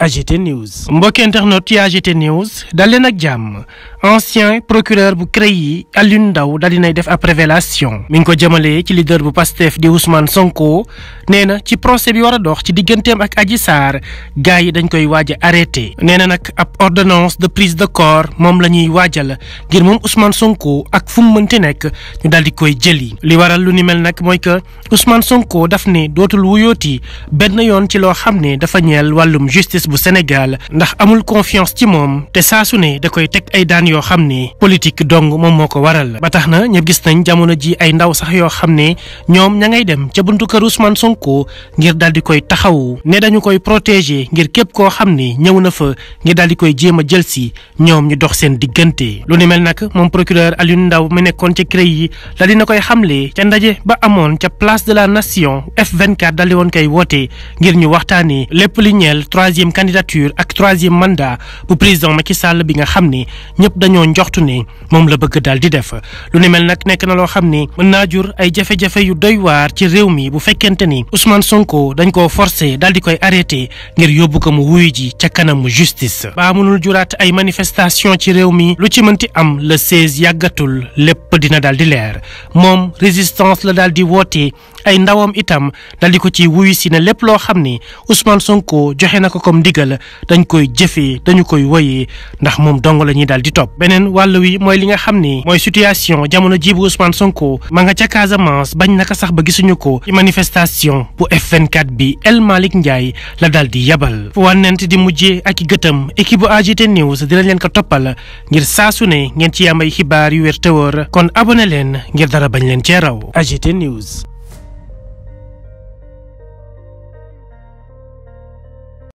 AGT News mbokki internet yi AGT News dal leen nag jàmm ancien procureur bu CREI Alioune Ndao dal dinay def ab révélation mi ngi ko jëmalee ci leader bu PASTEF di Ousmane Sonko nee na ci procès bi war a dox ci digganteem ak Adji Sarr gars yi dañ koy waaja a arrêté nee na nag ab ordonnance de prise de corps moom la ñuy waajal ngir moom Ousmane Sonko ak fu mu mënti nekk ñu daal di koy jëli li waral lu ni mel nag mooy que Ousmane Sonko daf ne dootul wuyooti benn yoon ci loo xam ne dafa ñeel wàllum justice justice bu Sénégal ndax amul confiance ci moom te saa su ne da koy teg ay daan yoo xam ne politique dong moom moo ko waral ba tax na ñëpp gis nañ jamono ji ay ndaw sax yoo xam ne ñoom ña ngay dem ca buntu kër Ousmane Sonko ngir daal di koy taxawu ne dañu koy protéger ngir képp koo xam ne ñëw na fa ngir daal di koy jéem a jël si ñoom ñu dox seen diggante lu ni mel nag moom procureur Alioune ndaw mi nekkoon ca CREI yi la dina koy xamle ca ndaje ba amoon ca place de la nation F24 dal woon koy woote ngir ñu waxtaanee lépp candidature ak troisième mandat bu président Macky Sall bi nga xam ne ñëpp dañoo njoxtu ne moom la bëgg daal di def lu ne mel nag nekk na loo xam ne mën naa jur ay jafe-jafe yu doy waar ci réew mi bu fekkente ni Ousmane Sonko dañ koo forcé daal di koy arrêté ngir yóbbu ko mu wuyu ji ca kanamu justice. ba mënul juraat ay manifestation ci réew mi lu ci mënti am le 16 yàggatul lépp dina daal di leer moom résistance la daal di woote ay ndawam itam dal di ko ci wuyu si ne lépp loo xam ni Ousmane Sonko joxe na ko comme ndigal dañ koy jëfee dañu koy woyee ndax moom dong la ñuy daal di topp beneen wàll wi mooy li nga xam ni mooy situation jamono jii bu Ousmane Sonko ma nga ca Casamance bañ naka sax ba gisuñu ko ci manifestation bu F24 bi El Malick Ndiaye la daal di yabal fu di mujjee ak gëtam équipe bu AGT News dinañ leen ko toppal ngir saa su ne ngeen ci am ay xibaar yu wér te wóor kon abonné leen ngir dara bañ leen cee raw AGT News